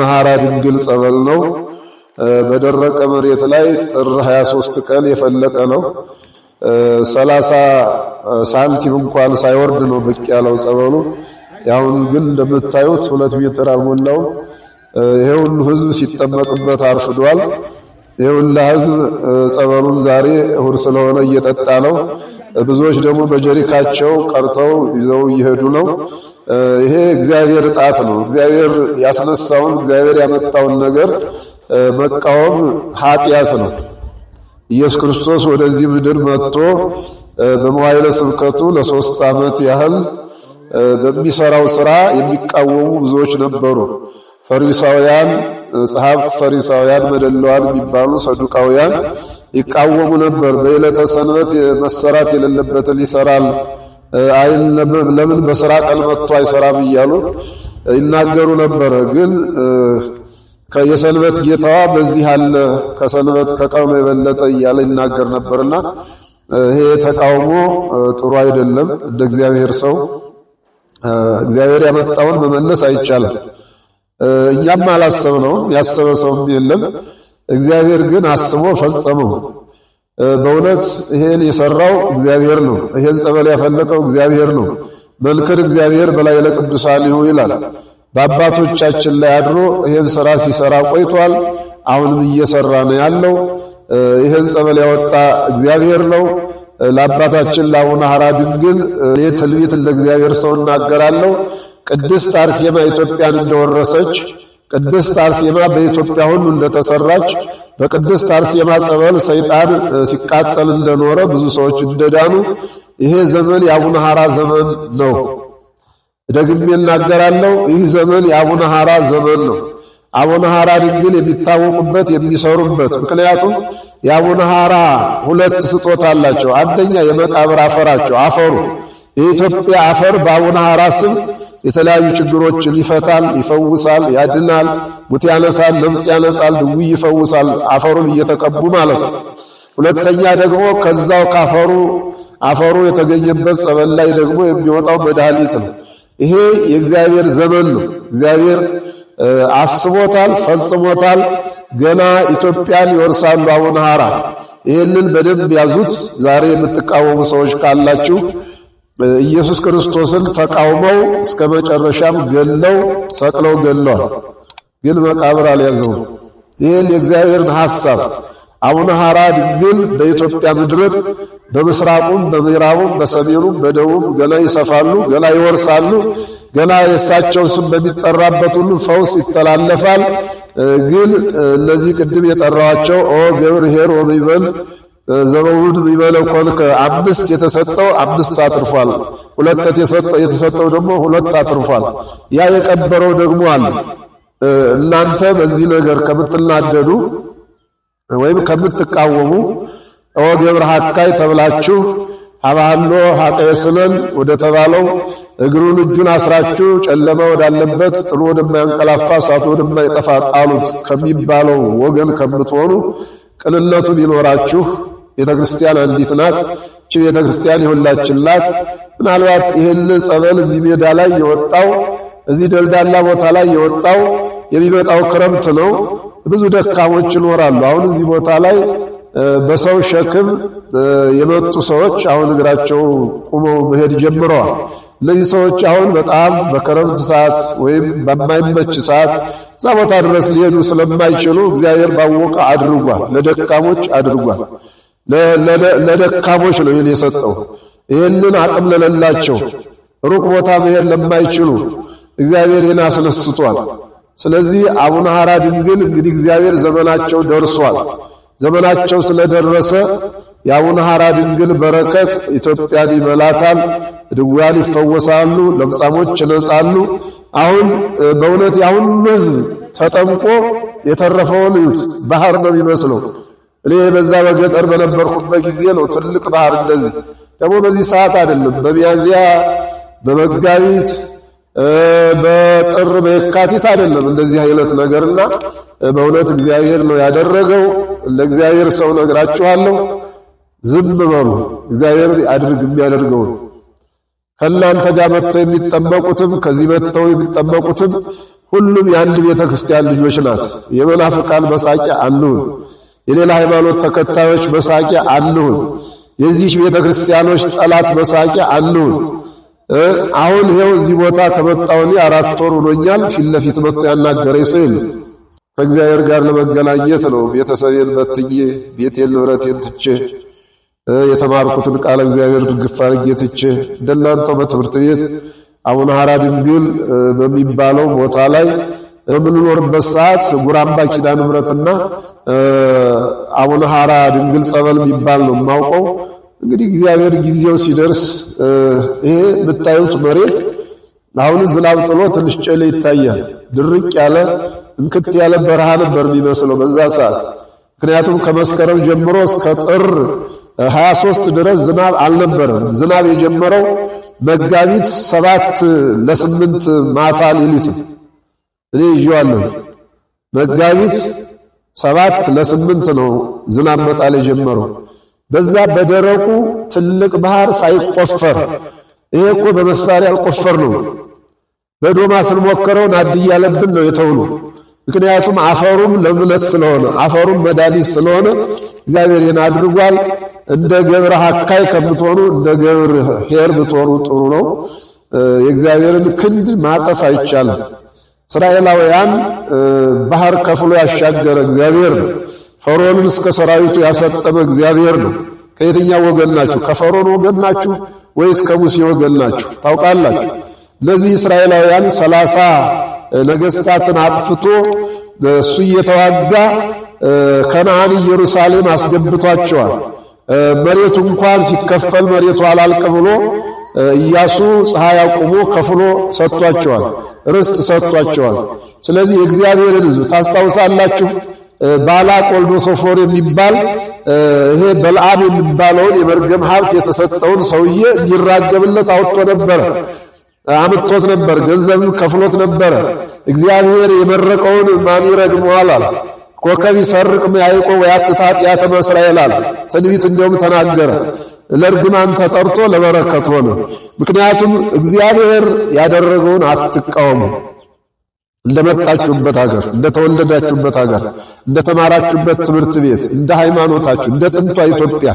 መሐራ ድንግል ጸበል ነው። በደረቀ መሬት ላይ ጥር 23 ቀን የፈለቀ ነው። 30 ሳንቲም እንኳን ሳይወርድ ነው ብቅ ያለው ጸበሉ። ያሁን ግን እንደምታዩት ሁለት ሜትር አልሞላውም። ይሄ ሁሉ ህዝብ ሲጠመቅበት አርፍዷል። ይሄ ሁሉ ህዝብ ጸበሉን ዛሬ እሑድ ስለሆነ እየጠጣ ነው። ብዙዎች ደግሞ በጀሪካቸው ቀርተው ይዘው እየሄዱ ነው። ይሄ እግዚአብሔር ጣት ነው። እግዚአብሔር ያስነሳውን እግዚአብሔር ያመጣውን ነገር መቃወም ኃጢአት ነው። ኢየሱስ ክርስቶስ ወደዚህ ምድር መጥቶ በመዋዕለ ስብከቱ ለሶስት ዓመት ያህል በሚሰራው ስራ የሚቃወሙ ብዙዎች ነበሩ። ፈሪሳውያን፣ ጸሐፍት ፈሪሳውያን፣ መደለዋል የሚባሉ ሰዱቃውያን ይቃወሙ ነበር። በዕለተ ሰንበት መሰራት የሌለበትን ይሰራል፣ አይነበብ ለምን በስራ ቀን መጥቶ አይሰራም እያሉ ይናገሩ ነበረ። ግን የሰንበት ጌታዋ በዚህ አለ ከሰንበት ከቀኑ የበለጠ እያለ ይናገር ነበርና ይሄ ተቃውሞ ጥሩ አይደለም። እንደ እግዚአብሔር ሰው እግዚአብሔር ያመጣውን መመለስ አይቻልም። እኛም አላሰብነውም፣ ያሰበ ሰውም የለም። እግዚአብሔር ግን አስቦ ፈጸመው። በእውነት ይሄን የሰራው እግዚአብሔር ነው። ይሄን ጸበል ያፈለቀው እግዚአብሔር ነው። መንክር እግዚአብሔር በላይ ለቅዱሳን ይላል። በአባቶቻችን ላይ አድሮ ይሄን ስራ ሲሰራ ቆይቷል። አሁንም እየሰራ ነው ያለው። ይሄን ጸበል ያወጣ እግዚአብሔር ነው። ለአባታችን ለአቡነ ሐራ ግን እኔ ትንቢት ለእግዚአብሔር ሰው እናገራለሁ ቅድስት አርሴማ ኢትዮጵያን እንደወረሰች ቅድስት አርሴማ በኢትዮጵያ ሁሉ እንደተሰራች በቅድስት አርሴማ ጸበል ሰይጣን ሲቃጠል እንደኖረ ብዙ ሰዎች እንደዳኑ ይሄ ዘመን የአቡነ ሐራ ዘመን ነው። ደግሜ እናገራለሁ። ይህ ዘመን የአቡነ ሐራ ዘመን ነው። አቡነ ሐራ ድንግል የሚታወቁበት የሚሰሩበት። ምክንያቱም የአቡነ ሐራ ሁለት ስጦታ አላቸው። አንደኛ የመቃብር አፈራቸው አፈሩ የኢትዮጵያ አፈር በአቡነ ሐራ ስም የተለያዩ ችግሮችን ይፈታል፣ ይፈውሳል፣ ያድናል፣ ቡት ያነሳል፣ ለምጽ ያነሳል፣ ድውይ ይፈውሳል። አፈሩን እየተቀቡ ማለት ነው። ሁለተኛ ደግሞ ከዛው ካፈሩ አፈሩ የተገኘበት ጸበል ላይ ደግሞ የሚወጣው መድኃኒት ነው። ይሄ የእግዚአብሔር ዘመን ነው። እግዚአብሔር አስቦታል፣ ፈጽሞታል። ገና ኢትዮጵያን ይወርሳሉ አቡነ ሐራ። ይህንን በደንብ ያዙት። ዛሬ የምትቃወሙ ሰዎች ካላችሁ ኢየሱስ ክርስቶስን ተቃውመው እስከ መጨረሻም ገለው ሰቅለው ገለዋል። ግን መቃብር አልያዘውም። ይህን የእግዚአብሔርን ሐሳብ አቡነ ሐራ ድንግል በኢትዮጵያ ምድርን በምስራቁም፣ በምዕራቡም፣ በሰሜኑም፣ በደቡብ ገላ ይሰፋሉ፣ ገላ ይወርሳሉ። ገላ የእሳቸው ስም በሚጠራበት ሁሉ ፈውስ ይተላለፋል። ግን እነዚህ ቅድም የጠራዋቸው ኦ ገብር ኄር ሚበል ዘበውድ ይበለ ኮልከ አምስት የተሰጠው አምስት አትርፏል። ሁለት የተሰጠው ደግሞ ሁለት አትርፏል። ያ የቀበረው ደግሞ አለ። እናንተ በዚህ ነገር ከምትናደዱ ወይም ከምትቃወሙ ኦ ገብረ ሐካይ ተብላችሁ አባሎ ሀቀየስለን ወደ ተባለው እግሩን እጁን አስራችሁ ጨለማ ወዳለበት ጥሎ ወደማያንቀላፋ እሳት ወደማይጠፋ ጣሉት ከሚባለው ወገን ከምትሆኑ ቅንነቱ ቢኖራችሁ ቤተ ክርስቲያን አንዲት ናት። እቺ ቤተ ክርስቲያን የሁላችን ናት። ምናልባት ይህን ጸበል እዚህ ሜዳ ላይ የወጣው እዚህ ደልዳላ ቦታ ላይ የወጣው የሚመጣው ክረምት ነው። ብዙ ደካሞች ይኖራሉ። አሁን እዚህ ቦታ ላይ በሰው ሸክም የመጡ ሰዎች አሁን እግራቸው ቁመው መሄድ ጀምረዋል። እነዚህ ሰዎች አሁን በጣም በክረምት ሰዓት ወይም በማይመች ሰዓት እዛ ቦታ ድረስ ሊሄዱ ስለማይችሉ እግዚአብሔር ባወቀ አድርጓል፣ ለደካሞች አድርጓል። ለደካሞች ነው ይህን የሰጠው። ይህንን አቅም ለሌላቸው ሩቅ ቦታ መሄድ ለማይችሉ እግዚአብሔር ይህን አስነስቷል። ስለዚህ አቡነ ሐራ ድንግል እንግዲህ እግዚአብሔር ዘመናቸው ደርሷል። ዘመናቸው ስለደረሰ የአቡነ ሐራ ድንግል በረከት ኢትዮጵያን ይመላታል። ድውያን ይፈወሳሉ፣ ለምጻሞች ይነጻሉ። አሁን በእውነት ያሁኑ ሕዝብ ተጠምቆ የተረፈውን እዩት። ባህር ነው የሚመስለው። እኔ በዛ በገጠር በነበርኩበት ጊዜ ነው ትልቅ ባህር እንደዚህ ደግሞ በዚህ ሰዓት አይደለም። በሚያዚያ፣ በመጋቢት በጥር በየካቲት አይደለም እንደዚህ አይነት ነገርና በእውነት እግዚአብሔር ነው ያደረገው። ለእግዚአብሔር ሰው ነግራችኋለሁ። ዝም በሉ። እግዚአብሔር አድርግ የሚያደርገው ከእናንተ ጋር መጥተው የሚጠመቁትም ከዚህ መጥተው የሚጠመቁትም ሁሉም የአንድ ቤተ ክርስቲያን ልጆች ናት። የመናፍቃን መሳቂያ አንዱን የሌላ ሃይማኖት ተከታዮች መሳቂ አንሁን። የዚህ ቤተ ክርስቲያኖች ጠላት መሳቂ አንሁን። አሁን ይኸው እዚህ ቦታ ከመጣሁኒ አራት ወር ሆኖኛል። ፊት ለፊት መጥቶ ያናገረኝ ሰው የለም። ከእግዚአብሔር ጋር ለመገናኘት ነው። ቤተሰቤን በትዬ ቤቴን ንብረቴን ትቼ የተማርኩትን ቃለ እግዚአብሔር ድግፍ አድርጌ ትቼ እንደናንተው በትምህርት ቤት አቡነ ሀራ ድንግል በሚባለው ቦታ ላይ በምንኖርበት ሰዓት ጉራምባ አምባ ኪዳነ ምሕረትና አቡነ ሐራ ድንግል ጸበል የሚባል ነው የማውቀው። እንግዲህ እግዚአብሔር ጊዜው ሲደርስ ይሄ የምታዩት መሬት አሁን ዝናብ ጥሎ ትንሽ ይታያል። ድርቅ ያለ እንክት ያለ በረሃ ነበር የሚመስለው በዛ ሰዓት። ምክንያቱም ከመስከረም ጀምሮ እስከ ጥር 23 ድረስ ዝናብ አልነበረም። ዝናብ የጀመረው መጋቢት ሰባት ለስምንት ማታ ሌሊት እኔ ይዤዋለሁ። መጋቢት ሰባት ለስምንት ነው ዝናብ መጣል የጀመረው። በዛ በደረቁ ትልቅ ባህር ሳይቆፈር ይሄ እኮ በመሳሪያ አልቆፈር ነው። በዶማ ስንሞከረው ናድ እያለብን ነው የተውሉ። ምክንያቱም አፈሩም ለምለት ስለሆነ አፈሩም መድኃኒት ስለሆነ እግዚአብሔር ይህን አድርጓል። እንደ ገብረ ሀካይ ከምትሆኑ እንደ ገብር ሄር ብትሆኑ ጥሩ ነው። የእግዚአብሔርን ክንድ ማጠፍ አይቻልም። እስራኤላውያን ባህር ከፍሎ ያሻገረ እግዚአብሔር ነው። ፈርዖንን እስከ ሰራዊቱ ያሰጠመ እግዚአብሔር ነው። ከየትኛው ወገን ናችሁ? ከፈርዖን ወገን ናችሁ ወይስ ከሙሴ ወገን ናችሁ? ታውቃላችሁ። እነዚህ እስራኤላውያን ሰላሳ ነገስታትን አጥፍቶ እሱ እየተዋጋ ከነአን ኢየሩሳሌም አስገብቷቸዋል። መሬቱ እንኳን ሲከፈል መሬቱ አላልቅ ብሎ ኢያሱ ፀሐይ አቁሞ ከፍሎ ሰጥቷቸዋል፣ ርስት ሰጥቷቸዋል። ስለዚህ የእግዚአብሔርን ሕዝብ ታስታውሳላችሁ። ባላቅ ወልዶ ሶፎር የሚባል ይሄ በልዓም የሚባለውን የመርገም ሀብት የተሰጠውን ሰውዬ እንዲራገብለት አውጥቶ ነበር፣ አምጥቶት ነበር። ገንዘብም ከፍሎት ነበረ። እግዚአብሔር የመረቀውን ማን ይረግመዋል አለ። ኮከብ ይሰርቅ ያዕቆብ ወያትት ኃጢአተ እስራኤል አለ። ትንቢት እንዲሁም ተናገረ። ለርግማን ተጠርቶ ለበረከት ሆነ። ምክንያቱም እግዚአብሔር ያደረገውን አትቃወሙ። እንደመጣችሁበት ሀገር፣ እንደተወለዳችሁበት ሀገር፣ እንደተማራችሁበት ትምህርት ቤት፣ እንደ ሃይማኖታችሁ፣ እንደ ጥንቷ ኢትዮጵያ፣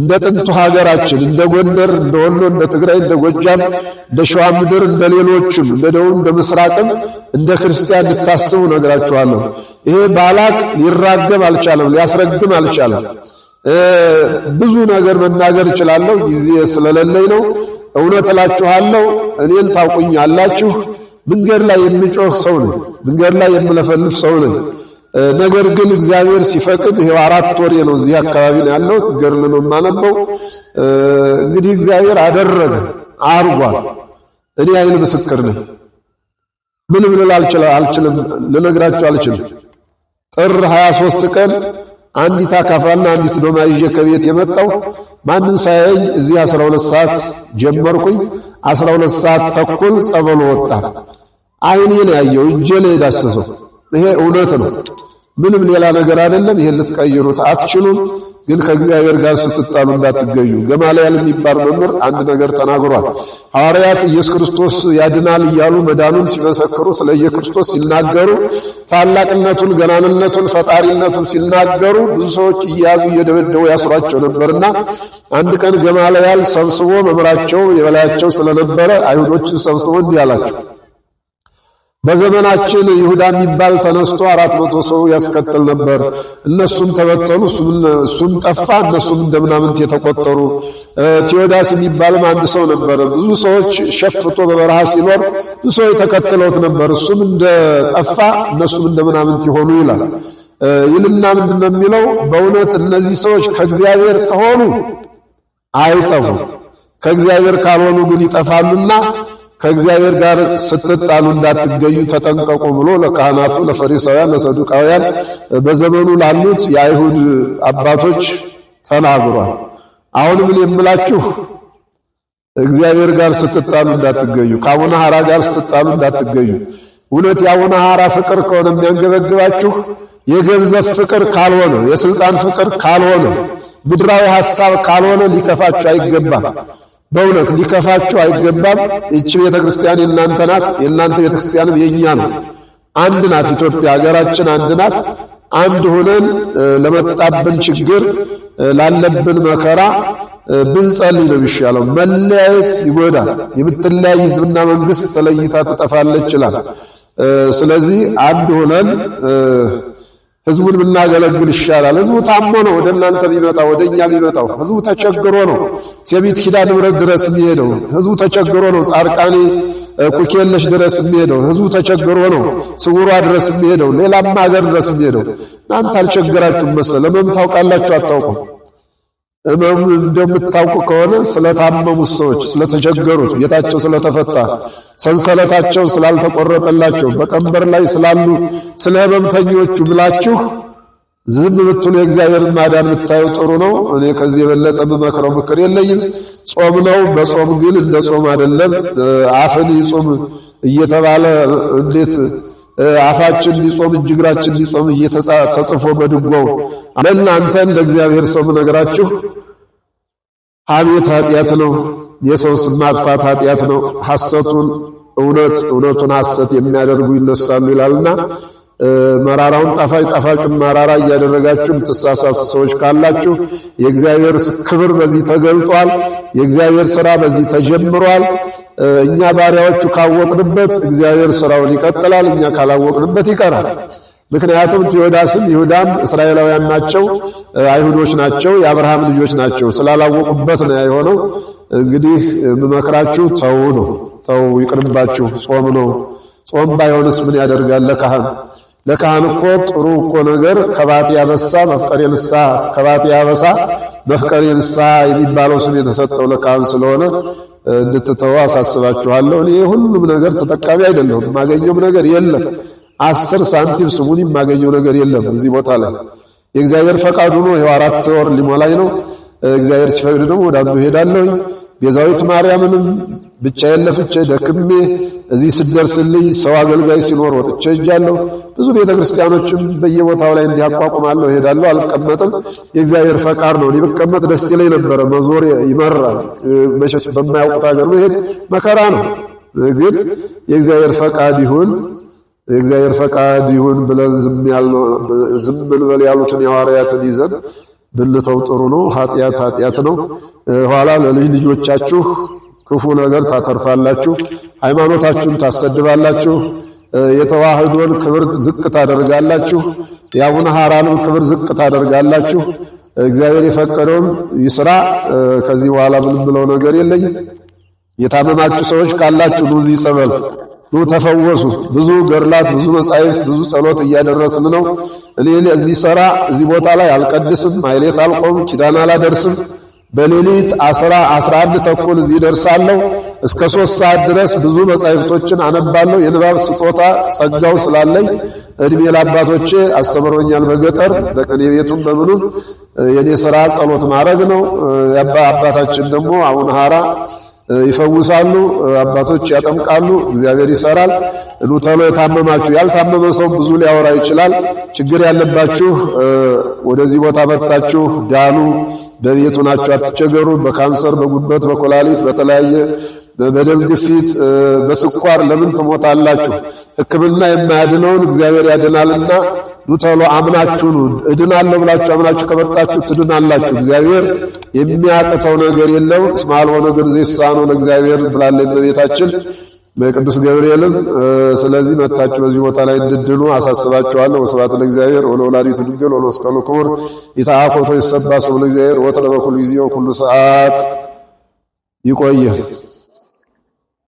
እንደ ጥንቱ ሀገራችን፣ እንደ ጎንደር፣ እንደ ወሎ፣ እንደ ትግራይ፣ እንደ ጎጃም፣ እንደ ሸዋ ምድር፣ እንደ ሌሎችም፣ እንደ ደቡብ፣ እንደ ምስራቅም እንደ ክርስቲያን ልታስቡ ነግራችኋለሁ። ይሄ ባላቅ ሊራገም አልቻለም፣ ሊያስረግም አልቻለም። ብዙ ነገር መናገር እችላለሁ፣ ጊዜ ስለሌለኝ ነው። እውነት እላችኋለሁ እኔን ታውቁኛላችሁ። መንገድ ላይ የምጮህ ሰው ነኝ፣ መንገድ ላይ የምለፈልፍ ሰው ነኝ። ነገር ግን እግዚአብሔር ሲፈቅድ ይሄው አራት ወሬ ነው እዚህ አካባቢ ነው ያለሁት። ገድል ነው የማነበው። እንግዲህ እግዚአብሔር አደረገ አርጓል። እኔ አይን ምስክር ነኝ። ምንም ልል አልችልም፣ ልነግራችሁ አልችልም። ጥር 23 ቀን አንዲት አካፋና አንዲት ዶማ ይዤ ከቤት የመጣው ማንም ሳያየኝ እዚህ 12 ሰዓት ጀመርኩኝ። 12 ሰዓት ተኩል ጸበሉ ወጣ። አይኔን ያየው እጄ ላይ ዳሰሰው። ይሄ እውነት ነው፣ ምንም ሌላ ነገር አይደለም። ይሄን ልትቀይሩት አትችሉም። ግን ከእግዚአብሔር ጋር ስትጣሉ እንዳትገዩ። ገማልያል የሚባል መምህር አንድ ነገር ተናግሯል። ሐዋርያት ኢየሱስ ክርስቶስ ያድናል እያሉ መዳኑን ሲመሰክሩ፣ ስለ ኢየሱስ ክርስቶስ ሲናገሩ፣ ታላቅነቱን፣ ገናንነቱን፣ ፈጣሪነቱን ሲናገሩ ብዙ ሰዎች እየያዙ እየደበደቡ ያስሯቸው ነበርና አንድ ቀን ገማልያል ሰብስቦ መምራቸው የበላያቸው ስለነበረ አይሁዶችን ሰብስቦ እንዲህ አላቸው በዘመናችን ይሁዳ የሚባል ተነስቶ አራት መቶ ሰው ያስከትል ነበር። እነሱም ተበተኑ፣ እሱም ጠፋ። እነሱም እንደምናምንት የተቆጠሩ ቴዎዳስ የሚባልም አንድ ሰው ነበር። ብዙ ሰዎች ሸፍቶ በበረሃ ሲኖር ብዙ ሰው ተከትለውት ነበር። እሱም እንደጠፋ እነሱም እንደምናምንት ይሆኑ ይላል። ይልና ምንድን ነው የሚለው? በእውነት እነዚህ ሰዎች ከእግዚአብሔር ከሆኑ አይጠፉ ከእግዚአብሔር ካልሆኑ ግን ይጠፋሉና ከእግዚአብሔር ጋር ስትጣሉ እንዳትገኙ ተጠንቀቁ ብሎ ለካህናቱ፣ ለፈሪሳውያን፣ ለሰዱቃውያን በዘመኑ ላሉት የአይሁድ አባቶች ተናግሯል። አሁን ምን የምላችሁ እግዚአብሔር ጋር ስትጣሉ እንዳትገኙ፣ ከአቡነ ሐራ ጋር ስትጣሉ እንዳትገኙ። እውነት የአቡነ ሐራ ፍቅር ከሆነ የሚያንገበግባችሁ የገንዘብ ፍቅር ካልሆነ፣ የስልጣን ፍቅር ካልሆነ፣ ምድራዊ ሐሳብ ካልሆነ ሊከፋችሁ አይገባም። በእውነት ሊከፋችሁ አይገባም። ይቺ ቤተ ክርስቲያን የእናንተ ናት፣ የእናንተ ቤተ ክርስቲያንም የእኛ ነው። አንድ ናት ኢትዮጵያ፣ ሀገራችን አንድ ናት። አንድ ሆነን ለመጣብን ችግር፣ ላለብን መከራ ብንጸልይ ነው የሚሻለው። መለያየት ይጎዳል። የምትለያይ ህዝብና መንግስት ተለይታ ትጠፋለች ይላል። ስለዚህ አንድ ሆነን ህዝቡን ብናገለግል ይሻላል። ህዝቡ ታሞ ነው ወደ እናንተ ቢመጣው ወደ እኛ ቢመጣው። ህዝቡ ተቸግሮ ነው ሴቢት ኪዳነ ምሕረት ድረስ የሚሄደው። ህዝቡ ተቸግሮ ነው ጻርቃኔ ኩኬለሽ ድረስ የሚሄደው። ህዝቡ ተቸግሮ ነው ስውሯ ድረስ የሚሄደው፣ ሌላም ሀገር ድረስ የሚሄደው። እናንተ አልቸግራችሁም መሰለ። ለምን ታውቃላችሁ? አታውቁም እመሙ እንደምታውቁ ከሆነ ስለታመሙ ሰዎች ስለተቸገሩት ቤታቸው ስለተፈታ ሰንሰለታቸው ስላልተቆረጠላቸው በቀንበር ላይ ስላሉ ስለ ህመምተኞቹ ብላችሁ ዝም ብትሉ የእግዚአብሔር ማዳን ብታዩ ጥሩ ነው። እኔ ከዚህ የበለጠ የምመክረው ምክር የለኝም። ጾም ነው። በጾም ግን እንደ ጾም አይደለም። አፍን ይጹም እየተባለ እንዴት አፋችን ቢጾም እጅ እግራችን ቢጾም ተጽፎ በድጓው ለእናንተ እንደ እግዚአብሔር ሰው ነገራችሁ ሐሜት ኃጢአት ነው። የሰው ስም ማጥፋት ኃጢአት ነው። ሐሰቱን እውነት እውነቱን ሐሰት የሚያደርጉ ይነሳሉ ይላልና መራራውን ጣፋጭ ጣፋጭ መራራ እያደረጋችሁ የምትሳሳቱ ሰዎች ካላችሁ የእግዚአብሔር ክብር በዚህ ተገልጧል። የእግዚአብሔር ስራ በዚህ ተጀምሯል። እኛ ባሪያዎቹ ካወቅንበት እግዚአብሔር ስራውን ይቀጥላል። እኛ ካላወቅንበት ይቀራል። ምክንያቱም ቴዎዳስም ይሁዳም እስራኤላውያን ናቸው፣ አይሁዶች ናቸው፣ የአብርሃም ልጆች ናቸው። ስላላወቁበት ነው የሆነው። እንግዲህ የምመክራችሁ ተው ነው፣ ተው ይቅርባችሁ። ጾም ነው። ጾም ባይሆንስ ምን ያደርጋል ለካህን ለካህን እኮ ጥሩ እኮ ነገር ከባጤ ያበሳ መፍቀሬ ንስሐ ከባጤ ያበሳ መፍቀሬ ንስሐ የሚባለው ስም የተሰጠው ለካህን ስለሆነ እንድትተው አሳስባችኋለሁ። እኔ ሁሉም ነገር ተጠቃሚ አይደለሁም። የማገኘውም ነገር የለም። አስር ሳንቲም ስሙን የማገኘው ነገር የለም እዚህ ቦታ ላይ የእግዚአብሔር ፈቃዱ ነው። ይኸው አራት ወር ሊሞላኝ ነው። እግዚአብሔር ሲፈቅድ ደግሞ ወደ አንዱ ሄዳለሁ ቤዛዊት ማርያምንም ብቻዬን ለፍቼ ደክሜ እዚህ ስደርስልኝ ሰው አገልጋይ ሲኖር ወጥቼ እጃለሁ። ብዙ ቤተ ክርስቲያኖችም በየቦታው ላይ እንዲያቋቁማለሁ እሄዳለሁ። አልቀመጥም፣ የእግዚአብሔር ፈቃድ ነው። እኔ ብቀመጥ ደስ ይለኝ ነበረ። መዞር ይመራል። መሸሽ በማያውቁት ሀገር መሄድ መከራ ነው። ግን የእግዚአብሔር ፈቃድ ይሁን የእግዚአብሔር ፈቃድ ይሁን ብለን ዝም ብንበል ያሉትን የሐዋርያትን ይዘን ብንተው ጥሩ ነው። ኃጢአት ኃጢአት ነው። ኋላ ለልጅ ልጆቻችሁ ክፉ ነገር ታተርፋላችሁ፣ ሃይማኖታችሁን ታሰድባላችሁ፣ የተዋህዶን ክብር ዝቅ ታደርጋላችሁ፣ የአቡነ ሐራንም ክብር ዝቅ ታደርጋላችሁ። እግዚአብሔር የፈቀደውን ይስራ። ከዚህ በኋላ ምንም ብለው ነገር የለኝም። የታመማችሁ ሰዎች ካላችሁ ኑ እዚህ ጸበል ኑ ተፈወሱ። ብዙ ገድላት፣ ብዙ መጻሕፍት፣ ብዙ ጸሎት እያደረስን ነው። እኔ እዚህ ሰራ እዚህ ቦታ ላይ አልቀድስም፣ ማሕሌት አልቆም፣ ኪዳን አላደርስም። በሌሊት አስራ አስራ አንድ ተኩል እዚህ ደርሳለሁ። እስከ ሶስት ሰዓት ድረስ ብዙ መጻሕፍቶችን አነባለሁ። የንባብ ስጦታ ጸጋው ስላለኝ እድሜ ለአባቶቼ አስተምሮኛል። በገጠር በቀን የቤቱም በምኑም የኔ ስራ ጸሎት ማድረግ ነው። አባታችን ደግሞ አሁን ሀራ ይፈውሳሉ፣ አባቶች ያጠምቃሉ፣ እግዚአብሔር ይሰራል። ኑ ተሎ የታመማችሁ ያልታመመ ሰው ብዙ ሊያወራ ይችላል። ችግር ያለባችሁ ወደዚህ ቦታ መጥታችሁ ዳኑ በቤት ሆናችሁ አትቸገሩ። በካንሰር፣ በጉበት፣ በኮላሊት፣ በተለያየ በደም ግፊት፣ በስኳር ለምን ትሞታላችሁ? ሕክምና የማያድነውን እግዚአብሔር ያድናልና ዱተሎ አምናችሁ ኑ። እድናለሁ ብላችሁ አምናችሁ ከበርታችሁ ትድናላችሁ። እግዚአብሔር የሚያቅተው ነገር የለው። እስማል ሆነ ግን ዘይሳኑ ለእግዚአብሔር ብላለች እመቤታችን። በቅዱስ ገብርኤልም ስለዚህ መታችሁ በዚህ ቦታ ላይ እንድድኑ አሳስባችኋለሁ። ወስብሐት ለእግዚአብሔር ወለወላዲቱ ድንግል ወለመስቀሉ ክቡር ይትአኮቶ ይሰብሐ ስሙ ለእግዚአብሔር ወትረ በኩሉ ጊዜ ወኩሉ ሰዓት። ይቆየ